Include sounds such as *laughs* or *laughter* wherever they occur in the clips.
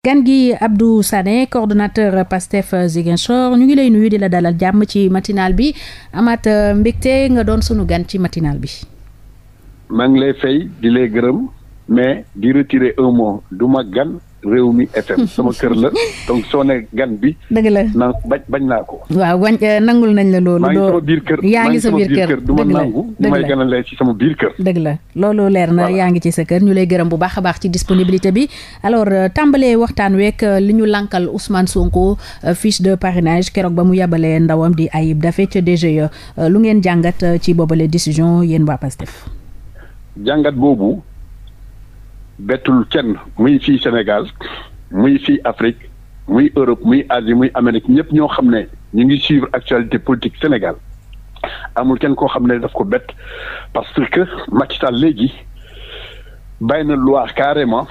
gan gi Abdou Sané coordonnateur Pastef Ziguinchor ñu ngi lay nuyu di la dalal jàmm ci matinal bi amaat mbégte nga doon sunu gan ci matinal bi. maa ngi lay lay gërëm mais di retirer un mot du ma gan réew mi FM sama kër la *laughs* donc soo ne gan bi. dëgg la bañ naa ko. waaw wañ eh, nangul nañ la loolu. maa yaa ngi sa biir kër du ma la loolu leer na yaa ngi ci sa kër ñu lay gërëm bu baax a baax ci disponibilité bi alors euh, tàmbalee waxtaan week euh, li ñu lankal Ousmane Sonko euh, fiche de parinage keroog ba mu yabalee ndawam di Ayib Daffé ca DGE lu ngeen jàngat ci boobale décision yéen waa PASTEF. jàngat boobu. bettul kenn muy fi Sénégal muy fii Afrique muy Europe muy Asie muy Amérique ñëpp ñoo xam ne ñu ngi suivre actualité politique Sénégal amul kenn koo xam ne daf ko bett parce que Macky léegi bàyyi na loi carrément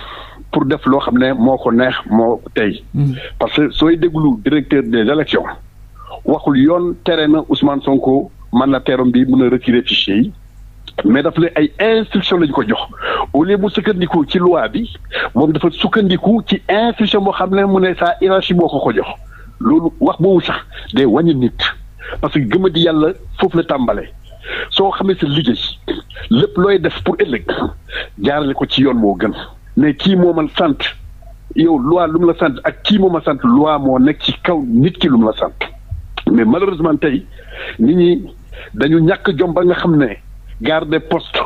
pour def loo xam ne moo ko neex moo tey. Mm. parce que sooy déglu directeur des élections waxul yoon tere na Ousmane Sonko mandataire bi mën a retirer fichier yi mais daf la ay instructions lañ ko jox au lieu mu sukkandiku ci loi bi moom dafa sukkandiku ci institution boo xam ne mu ne saa hiérarchie boo ko ko jox loolu wax boobu sax day wañ nit parce que gëm a di yàlla foofu la tàmbalee soo xamee sa liggéey lépp looy def pour ëllëg jaarale ko ci yoon moo gën mais kii moom man sant yow loi lu mu la sant ak kii moom ma sant loi moo nekk ci kaw nit ki lu mu la sant mais malheureusement tey nit ñi dañu ñàkk jom ba nga xam ne garde poste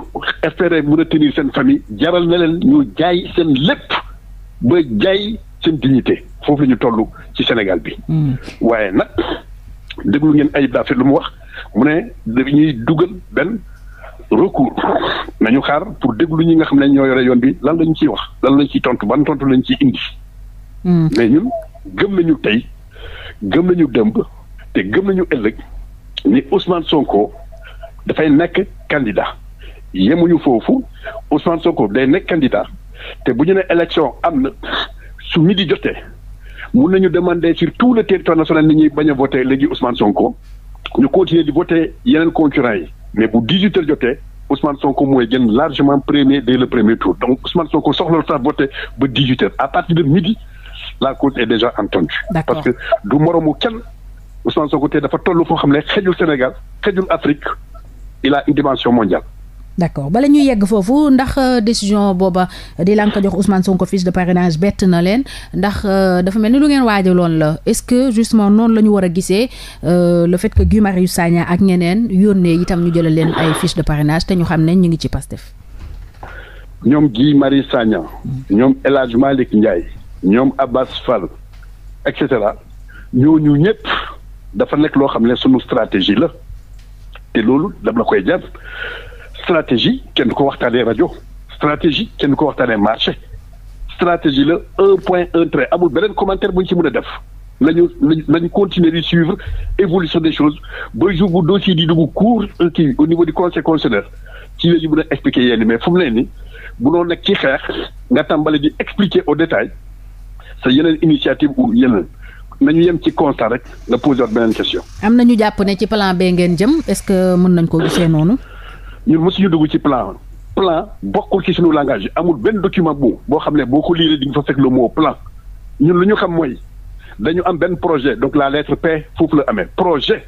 pour espérer mën a tenir seen famille jaral na leen ñu jaay seen lépp ba jaay seen dignité foofu la ñu toll ci Sénégal bi. Hmm. waaye nag déglu ngeen Ayib Daffé lu mu wax mu ne dañuy dugal benn recours nañu xaar pour déglu ñi nga xam ne ñoo yore bi lan lañu ciy wax lan lañ ciy tontu ban tontu lañu ci indi. Hmm. mais ñun gëm nañu tey gëm nañu dëmb te gëm nañu ëllëg ni Ousmane Sonko dafay nekk candidat. yemuñu foofu Ousmane Sonko de nekk candidat te bu ñu ne élection am na su midi jotee mun nañu demander sur tout le territoire national ni ñuy bañ a voté léegi Ousmane Sonko ñu continuer di voté yeneen concurrents yi mais bu 18 heures jotee Ousmane Sonko mooy gën largement premier de le premier tour donc Ousmane Sonko soxla sax voté ba 18 à partir de midi la cause et déjà entendue. D'accord. parce que du moromu kenn Ousmane Sonko te dafa toll foo xam ne xejul Sénégal xejul Afrique il a une d'accord bala ñu yegg foofu ndax euh, décision booba di lan jox jox Ousmane ko fiche de parrainage bett na leen ndax euh, dafa mel ni lu ngeen waajaloon la est-ce que justement noonu la ñu war a gisee euh, le fait que Guy Marius Sagna ak ñeneen yónnee itam ñu jëlal leen ay fiche de parrainage te ñu xam ne ñu ngi ci Pastef ñoom Guy Marius Sagna ñoom El Hadj Malick Ndiaye ñoom Abbas Fall et cetera ñu ñëpp dafa nekk loo xam ne sunu stratégie la te loolu dama la koy jar stratégie kenn du ko waxtaanee rajo stratégie kenn du ko waxtaanee marché stratégie la un point un trait amul beneen commentaire bu ci mën a def lañu lañu continuer di suivre évolution des choses ba jour bu dossier di dugg cours euh, kii au niveau du conseil constitutionnel ci la ñu expliquer yéen mais fu mu ne bu noonu nekk ci xeex nga tàmbali di expliquer au détail sa yeneen initiative ou yeneen nañu yem ci constat rek nga poser beneen question. am na ñu jàpp ne ci plan B ngeen jëm est-ce que mën nañ koo gisee noonu. ñun mosuñu dugg ci plan plan bokkul ci suñu langage amul benn document bu boo xam ne boo ko liiree di nga fa fekk le mot plan ñun lu ñu xam mooy dañu am benn projet donc la lettre P foofu la amee projet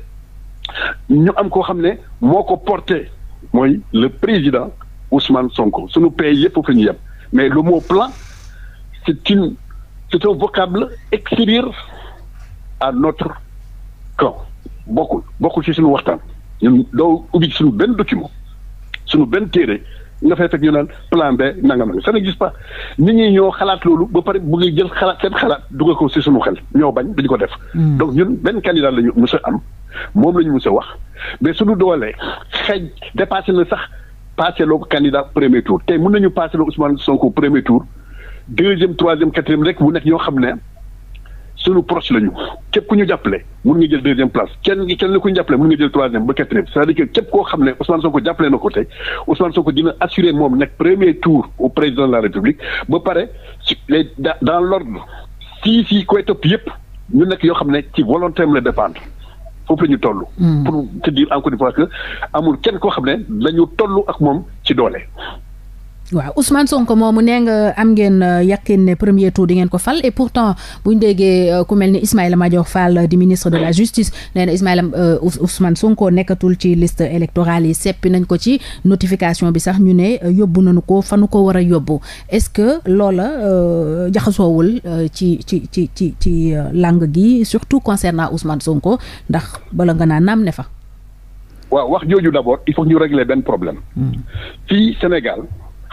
ñu am koo xam ne moo ko porté mooy le président Ousmane Sonko suñu pays yëpp foofu la ñuy yem mais lu mot plan c'est une c'est un vocable extérieur à notre camp bokkul bokkul ci suñu waxtaan ñun doo ubbi suñu benn document suñu benn téere nga fay fekk ñu naan plan B nangam nag ça n'existe pas nit ñi ñoo xalaat loolu ba pare bu jël xalaat seen xalaat dugal ko si suñu xel ñoo bañ dañu ko def. Hmm. donc ñun benn candidat la ñu mës am moom la ñu mës a wax mais suñu doolee xëy dépassé na sax passé loo ko candidat premier tour tey mën nañu passé loo Ousmane Sonko premier tour deuxième troisième quatrième rek mu nekk ñoo xam ne. suñu proche lañu képp ku ñu jàppale mun nga jël deuxième place kenn ku ñu jàppale mun nga jël troisième ba quatrième c'est-à-dire que koo xam ne Ousmane Sonko jàppale na ko tey Ousmane Sonko dina assurer moom nekk premier tour au président de la République ba pare les dans l'ordre si si koy topp yëpp ñu nekk yoo xam ne ci volonté am la dépendre foofu la ñu hmm. pour te dire encore une fois que amul kenn koo xam ne dañu toll ak moom ci doole. waaw Ousmane Sonko mu nee nga am ngeen euh, yàqin ne premier tour di ngeen ko fal et pourtant bu ñu déggee euh, ku mel ni Ismaïla Madior Fall di ministre de la justice nee na Ismaïla euh, Ousmane Sonko nekkatul ci list électorale yi seppi nañ ko ci notification bi sax ñu ne yóbbu nañu ko nu ko war a yóbbu est-ce que loola jaxasoowul ci ci ci ci ci langue gi surtout concernant Ousmane Sonko ndax bala nga naa naam ne fa. waaw wax jooju d'abord il faut ñu régler benn problème. Hmm.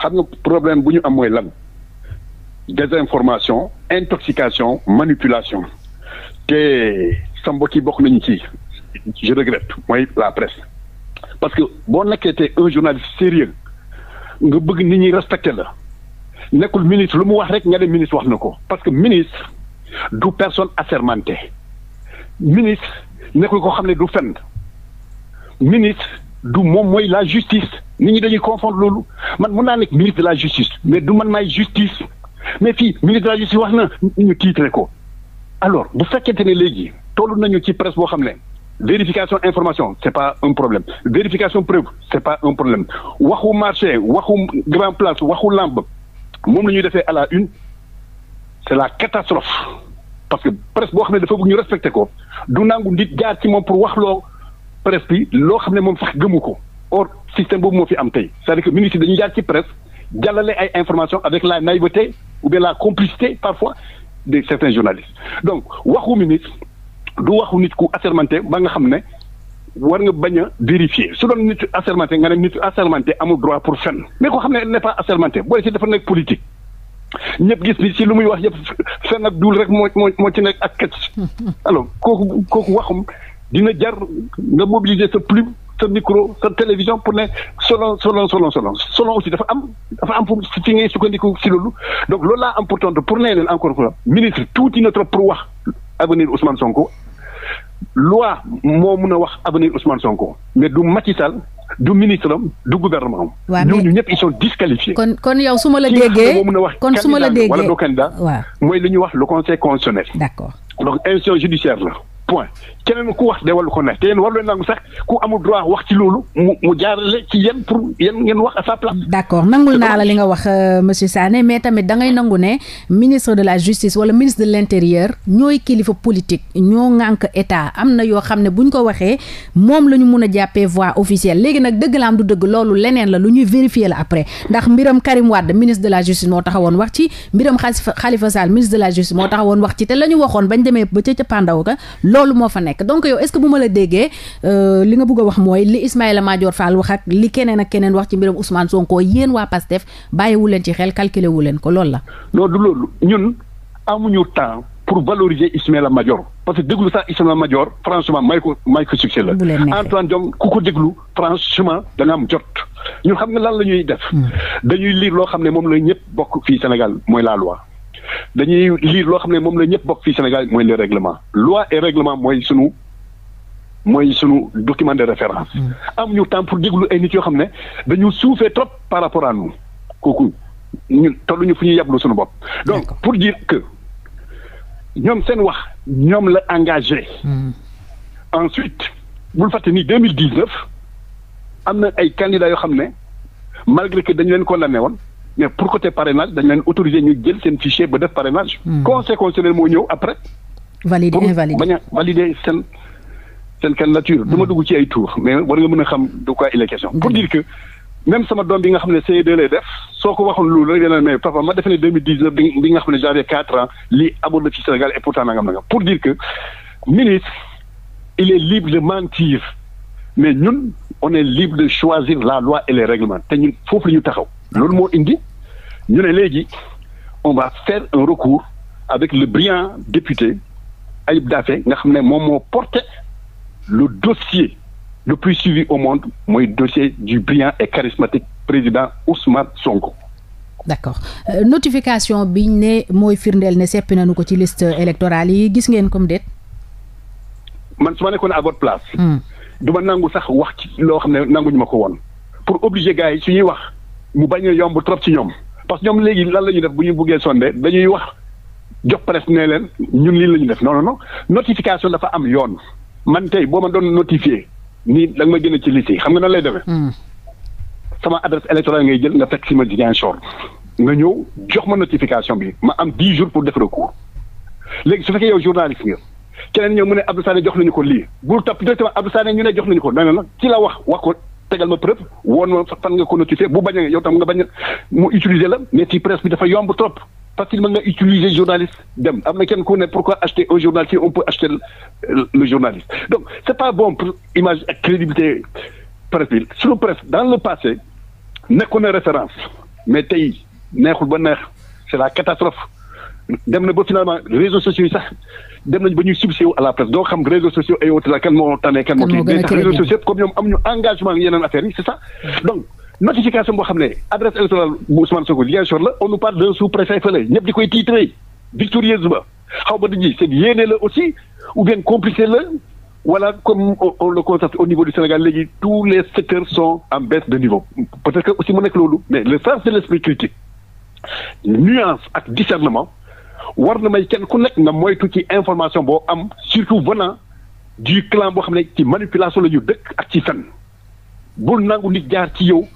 xam nga problème bu ñu am mooy lan désinformation intoxication manipulation te sa mbokk yi bokk nañu ci je regrette mooy la presse parce que boo nekkee te un journaliste sérieux nga bëgg nit ñi respecté la nekkul ministre lu mu wax rek nga ne ministre wax na ko parce que ministre du personne assermentée ministre nekkul ko xam ne du fenn ministre du moom mooy la justice nit ñi dañuy confondre loolu man mën naa nekk ministre de la justice mais du man maay justice mais fii ministre de la justice wax na ñu tiitre ko alors bu fekkente ne léegi toll nañu ci presse boo xam ne vérification information c'est pas un problème vérification preuve c'est pas un problème waxu marché waxu grand place waxu lamb moom la ñuy defee à la une c'est la catastrophe parce que presse boo xam ne dafa bëgg ñu ko du nangu nit jaar ci moom pour wax loo presse loo xam ne moom sax gëmu ko or système boobu moo fi am tey c'est-à-dire que ministre dañuy jaar ci presse jàllale ay information avec la naïveté ou bien la complicité parfois de certains journalistes donc waxu ministre du waxu nit ku assermenté ba nga xam ne war nga bañ a vérifier su doon nit assermenté nga ne nit assermenté amul droit pour fenn mais koo xam ne n'est pas assermenté boole ci dafa nekk politique ñëpp gis ni ci lu muy wax yëpp fenn ak duul rek moo moo moo ci nekk ak *laughs* alors kooku kooku waxum dina jar nga mobiliser sa plume sa micro sa télévision pour ne selon selon selon selon selon aussi dafa am dafa am fu fi ngay sukkandiku si loolu donc loolu laa am pour tontu pour ne leen encore fois ministre tuuti na trop pour wax avenir Ousmane Sonko loi moo mun a wax avenir Ousmane Sonko mais du Macky Sall du ministre am du gouvernement am. waaw ñooñu ñëpp ils sont disqualifiés. kon kon yow su ma la déggee kon su ma la déggee wala doo candidat. waaw mooy li ñuy wax le conseil constitutionnel. d'accord donc institution judiciaire la. point keneen ku wax de walu ko neex te yéen war leen nangu sax ku amul droit wax ci loolu mu jaarale ci yéen pour yéen ngeen wax à sa place. d'accord nangul naa la li nga wax euh, monsieur Sané mais tamit da ngay nangu ne ministre de la justice wala ministre de l'intérieur ñooy kilifa politique ñoo ŋànk état am na yoo xam ne bu buñ ko waxee moom la ñu mun a jàppee voix officielle léegi nag dëgg la am du dëgg loolu leneen la lu ñuy vérifier la après ndax mbiram Karim Wade ministre de la justice wax ci mbiram Khalifa Sall ministre de la justice wax ci te la ñu waxoon bañ loolu moo fa nekk donc yow est-ce que bu ma la déggee euh, li nga bëgg a wax mooy li Ismaïla Madior Fall wax ak li keneen ak keneen wax ci mbiram Ousmane Sonko yéen waa PASTEF bàyyiwu leen ci xel calculé wu leen ko loolu la. non du loolu ñun amuñu temps pour valoriser Ismaïla Madior parce que déglu sax Ismaïla Madior franchement may ko may ko succès la. Antoine Diome ku ko déglu franchement da nga am jot. ñun xam nga lan la ñuy def. Hmm. dañuy lire loo xam ne moom la ñëpp bokk fii Sénégal mooy la dañuy liir loo xam ne moom la ñëpp bokk fii Sénégal mooy le règlement loi et règlement mooy sunu mooy sunu document de référence. Mm. am ñu temps pour déglu ay nit yoo xam ne dañu suufee trop par rapport à nous kooku ñun tolluñu fu ñuy yablu sunu bopp. donc pour dire que ñoom seen wax ñoom la engagé. Mm. ensuite bul fàtte nii deux mille dix neuf am na ay candidats yoo xam ne malgré que dañu leen condamné woon. mais pour côté parrainage dañ leen autoriser ñu jël seen fichier ba def parrainage. Hmm. conseil constitutionnel moo ñëw après. valider invalider pour bañ a valider seen seen candidature. du ma hmm. dugg ci ay tour mais war nga mën a xam de quoi il est question. pour hmm. dire que même sama doom bi nga xam ne CE2 lay def soo ko waxoon loolu rek dana may papa ma defe ne 2019 bi nga xam ne j'avais 4 ans lii abord na ci Sénégal et pourtant nangam nangam pour dire que ministre il est libre mais ñun on est de choisir la loi et les règlements te ñun foofu ñu taxaw. loolu moo indi ñu ne léegi on va faire un recours avec le brillant député Ayib Daffé nga xam ne moom moo porté le dossier le plus suivi au monde mooy dossier du brillant et charismatique président Ousmane Sonko. d'accord euh, notification biñ ne mooy firndeel ne seppi nañu ko ci liste électorale yi gis ngeen comme déet. man su ma nekkoon à votre place. Hmm. du ma nangu sax wax ci loo xam ne nanguñu ma ko woon. pour obliger gars yi su ñuy wax mu bañ a yomb trop ci ñoom parce que ñoom léegi lan la ñuy def bu ñu buggee sondé dañuy wax jox presse ne leen ñun lii la ñu def non non notification dafa am yoon man tey boo ma doon notifié nii da nga ma génne ci liste yi xam nga nan lay defee. Hmm. sama adresse électorale ngay jël nga fekk si ma Ziguinchor nga ñëw jox ma notification bi ma am dix jours pour def recours léegi su fekkee yow journaliste nga keneen ñëw mu ne Abdou Sané jox nañu ko lii bul topp directement jox nañu ko nee na ci la wax wax ko tegal ma preuve woon ma fan nga ko notifié bu bañ a yow nga bañ a mu utiliser la mais ci presse bi dafa yomb trop facilement nga utiliser journaliste dem am na kenn ku ne pourquoi acheter un journaliste on peut acheter le journaliste donc c'est pas bon pour image crédibilité presse dans le passé nekkoon na référence mais tey neexul ba neex c'est la catastrophe dem na ba finalement réseaux sociaux yi sax dem nañ ba ñuy subsié wu à la presse doo xam réseaux sociaux et autres la kan moo tane kan moo kii day tax réseaux sociaux comme ñoom am ñu engagement yeneen affaires yi c'est ça donc notification boo xam ne adresse électorale bu Ousmane Sonko Ziguinchor la on nous parle d'un sous-préfet fële ñëpp di koy tiitré victorieuse ba xaw ma c'est yéene la aussi ou bien complicé la wala comme on le constate au niveau du Sénégal léegi tous les secteurs sont que aussi mu nekk loolu mais le sens de l'esprit critique nuance war na may kenn ku nekk nga moytu ci information boo am surtout venant du clan boo xam ne ci manipulation la ñu dëkk ak ci fen bul nangu nit jaar ci yow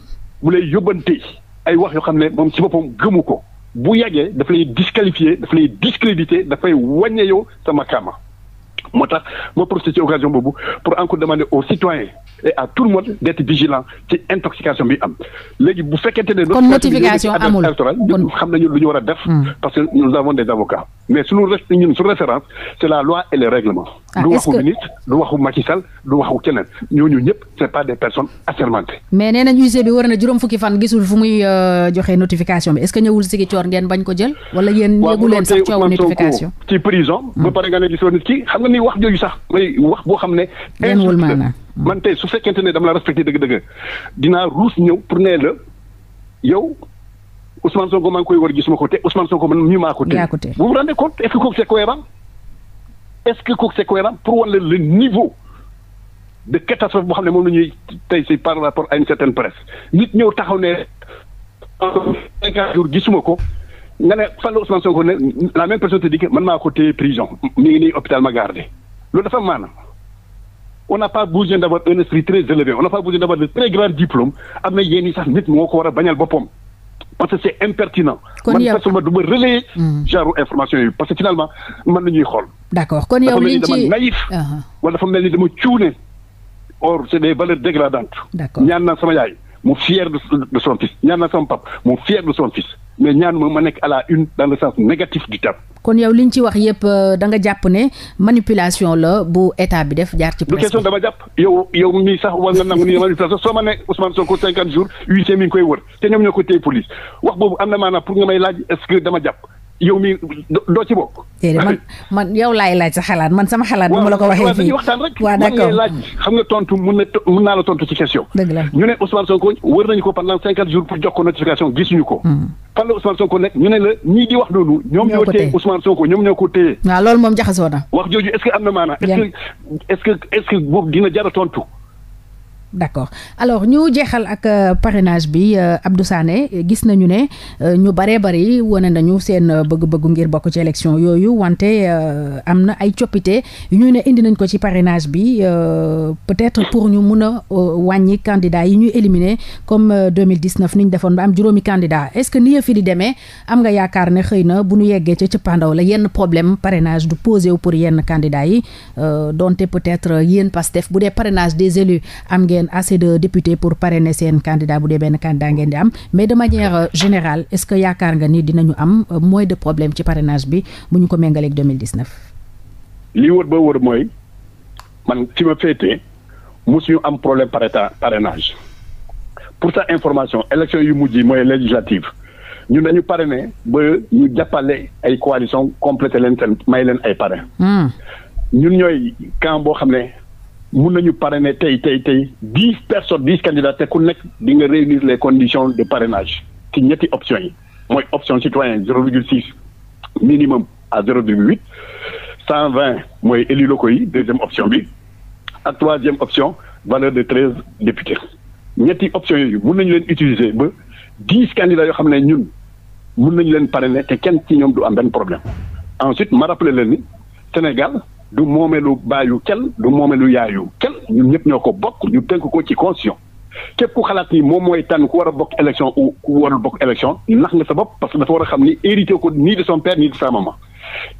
mu lay yóbbante ay wax yoo xam ne moom ci boppam gëmu ko bu yàggee dafa lay disqualifier dafa lay discréditer dafay wàññe yow sa makaama moo tax ma profité ci occasion boobu pour encore demander aux citoyens et à tout le monde d'être vigilant ci intoxication bi am léegi bu fekkente ne. kon notification amul kon xam nañu lu ñu war a def. Hmm. parce que nous avons des avocats. mais suñu ñun suñu référence c'est la loi et le règlement ah, du waxu ministre du waxu keneen ñooñu ñëpp c'est pas des personnes assermentées mais nee nañ huissier bi war na juróom fukki fan gisul fu muy euh, joxe notification bi est-ce que ñëwul sigi coor ngeen bañ ko jël wala yéen yëgu leen sax coowu notification ci prison ba hmm. pare nga ne gisoo nit ki xam nga ni wax jooju sax may wax boo xam ne wul maanaam man tey su fekkente ne dama la respecté dëgg dinaa ruus ñëw pour ne la yow Ousmane Sonko maa ngi koy war gisuma ko te Ousmane Sonko man mii maa ko téye. vous vous compte est-ce que kooku c'est cohérent est-ce que kooku pour wan leen le niveau de catastrophe boo xam ne moom la ñuy tey si par rapport à une certaine presse nit ñëw taxaw ne cinquante jours gisuma ko nga ne fan la Ousmane Sonko ne la même personne te dit man maa ko téye prison mi ngi nii hôpital ma gardé loolu dafa maanaam. on n'a pas besoin d'avoir un esprit très élevé on n'a pas besoin d'avoir de très grands diplômes ko war a bañal boppam. parce que c'est impertinent. kon yow man du ma relayer. Hmm. genre information yi parce que finalement man la ñuy xool. d'accord kon yow liñ ci dafa mel ni dama naïf. Uh-huh. wala dafa mel ni dama cuune. or c'est des valeurs dégradantes. d'accord ñaan sama yaay mu fier de son fils ñaan sama pap mu fier de son fils. mais ñaan ma ma nekk à la une dans le sens négatif du terme. kon yow li ñu ci wax yëpp euh, da nga jàpp ne manipulation la bu état bi def jaar ci. presse question dama jàpp yow yow mii sax war nga nangu ni manipulation soo ma ne Ousmane Sonko cinquante jours huissier mi ngi koy wër te ñoom ñoo ko téye police wax boobu am na maanaam pour nga may laaj est-ce dama jàpp. yow mi doo ci bokk. man yow laay laaj sa xalaat man sama xalaat. bu ma la ko waxee fii waxtaan rek. waaw d'accord laaj xam nga tontu mun na mun naa la tontu ci question. dëgg la ñu ne Ousmane Sonko wër nañu ko pendant cinquante jours pour jox ko notification gisuñu ko. Hmm. fan la Ousmane Sonko nekk ñu ne la ñii di wax noonu. ñoom ñoo téye Ousmane Sonko ñoom ñoo ko téye. waaw loolu moom jaxasoo na. wax jooju est-ce que am na est est est dina jar a tontu. d'accord alors ñu jeexal ak euh, parrainage bi euh, Abdou Sané gis nañu ne euh, ñu baree bari wane nañu seen bëgg bëgg ngir bokk ci élection yooyu wante am na ay coppite ñu ne indi nañ ko ci parrainage bi peut-être pour ñu mun a wàññi candidat yi ñu éliminer comme 2019 ni ñu defoon ba am juróomi candidat est-ce que ni yëf di demee am nga yaakaar ne xëy na bu ñu yeggee ca cëppaandaw la yenn problème parrainage du posé wu pour yenn candidat yi donte peut-être yéen Pastef bu dee parrainage des am ngeen leen assez de députés pour parrainer seen candidat bu dee benn candidat ngeen di am mais de manière euh, général est-ce que yaakaar nga ni dinañu am euh, moins de problème ci parrainage bi bu ñu ko méngaleeg 2019. li wër ba wër mooy man ci ma féetee mosuñu am problème parrainage pour sa information élection yu mujj yi mooy législative ñun dañu parrainé ba ñu jàppale ay coalition complété leen seen may leen ay parrain hmm. ñun ñooy camp boo xam ne mun nañu ne tey tey tey dix personnes dix candidats te ku nekk di nga réunir les conditions de parrainage ci ñetti options yi mooy option citoyen zéro virgule six minimum à zéro virgule huit cent vingt mooy élus locaux yi deuxième option bi ak troisième option valeur de treize députés ñetti options yooyu mun nañu leen utiliser ba dix candidats yoo xam ne ñun mun nañu leen pare ne te kenn ci ñoom du am problème ensuite ma rappelé leen ni Sénégal du moomeelu baayu kenn du moomeelu yaayu kenn ñun ñëpp ñoo ko bokk ñu tënk ko ci constitution képp ku xalaat ni moom mooy tànn ku war a bokk élection ou ku warul bokk élection nax nga sa bopp parce que dafa war a xam ni hérité ko nii de son père nii de sa maman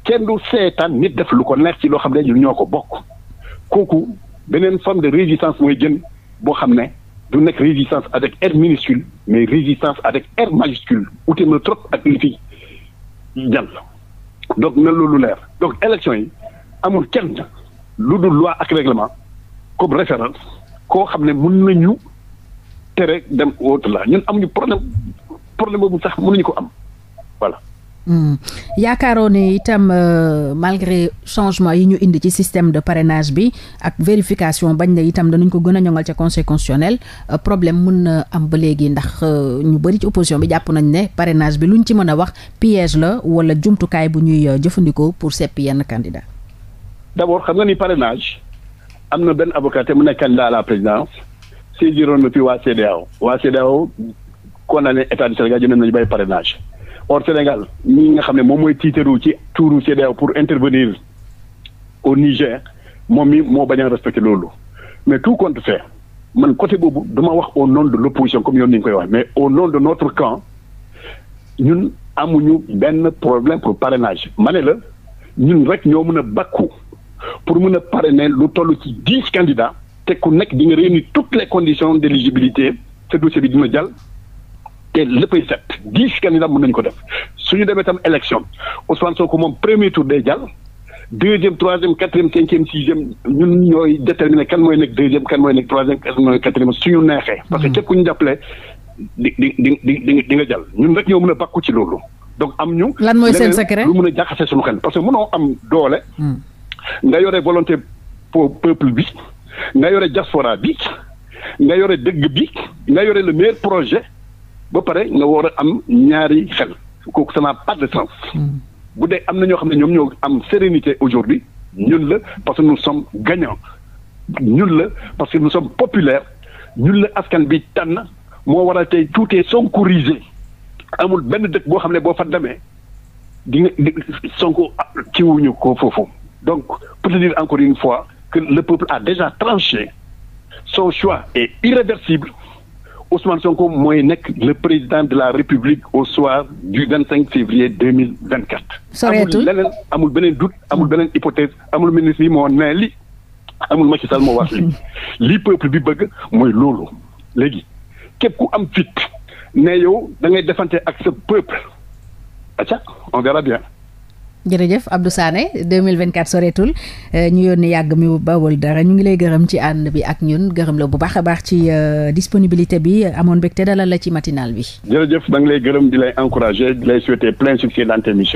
kenn du seetaan nit def lu ko neex ci loo xam ne ñun ñoo ko bokk kooku beneen forme de résistance mooy jën boo xam ne du nekk résistance avec R minuscule mais résistance avec R majuscule ute na trop ak li fi jàll donc na loolu leer donc élection yi amul na lu dul loi ak règlement comme référence koo xam ne mën ñu tere dem au-delà ñun amuñu problème problème boobu sax mënuñu ko am voilà. Mm. yaakaaroon ne itam euh, malgré changement yi ñu indi ci système de parrainage bi ak vérification bañ na itam danañ ko gën a ñoŋal ca conseil constitutionnel euh, problème mën na am ba léegi ndax euh, ñu euh, bëri ci opposition bi jàpp nañ ne parenage bi lu ñu ci mën a wax piège la wala jumtukaay bu ñuy euh, jëfandikoo pour sepp yenn candidat d' abord xam nga ni parrainage am na benn avocat te mu nekk candidat à la présidence saisiroon na fi waa CEDEAO waa CEDEAO condamné état du Sénégal jënd nañu bay parrainage or Sénégal ñi nga xam ne moom mooy tiitaru ci tuuru CEDEAO pour intervenir au Niger moom mii moo bañ a respecté loolu mais tout compte fait man côté boobu duma wax au nom de l' opposition comme yoon ni ñu koy wax mais au nom de notre camp ñun amuñu benn problème pour parrainage ma ne la ñun rek ñoo mën a bakku pour mun a parrainer lu toll ci dix candidats te ku nekk di nga réunir toutes les conditions d'éligibilité ce dossier bi dina jàll te léppay set dix candidats mën nañu ko def ñu demee tam élection Ousmane ko moom premier tour day jàll deuxième troisième quatrième cinquième sixième ñun ñooy déterminer kan mooy nekk deuxième kan mooy nekk troisième kan mooy quatrième suñu neexee. parce que hmm. képp ku ñu jàppale di di di di nga jàll ñun rek ñoo mën a bàkku ci loolu donc am ñu. mooy seen secret lu mën a jaxase suñu xel parce que mënoo am doole. Hmm. nga yore volonté pour peuple bi nga yore diaspora bi nga yore dëgg bi nga yore le meilleur projet ba pare nga war a am ñaari xel kooku ça n'a de sens. Hmm. bu dee am na ñoo xam ne ñoom ñoo am sérénité aujourd'hui ñun la parce que nous sommes gagnants ñun la parce que nous sommes populaire ñun la askan bi tànn moo war a tey tout est sonkorisé amul benn dëkk boo xam ne boo fa demee di nga sonko ciwuñu ah, ko foofu Donc, pour te dire encore une fois que le peuple a déjà tranché, son choix est irréversible. Ousmane Sonko mooy nekk le président de la République au soir du 25 février 2024. soreetul amul leneen amul beneen doute amul beneen hypothèse amul ministre yi moo nee li amul Macky Sall moo wax li *laughs* li peuple bi bëgg mooy loolu léegi képp ku am fit ne yow da ngay defante ak sa peuple on verra bien. jërëjëf Abdou Sané 2024 soreetul euh, ñu yónni yàgg mi bawul dara ñu ngi lay gërëm ci ànd bi ak ñun gërëm la bu baax a baax ci euh, disponibilité bi amoon mbégte dalal la ci matinal bi. jërëjëf da nga lay gërëm di lay encourager di lay souhaiter plein succès dans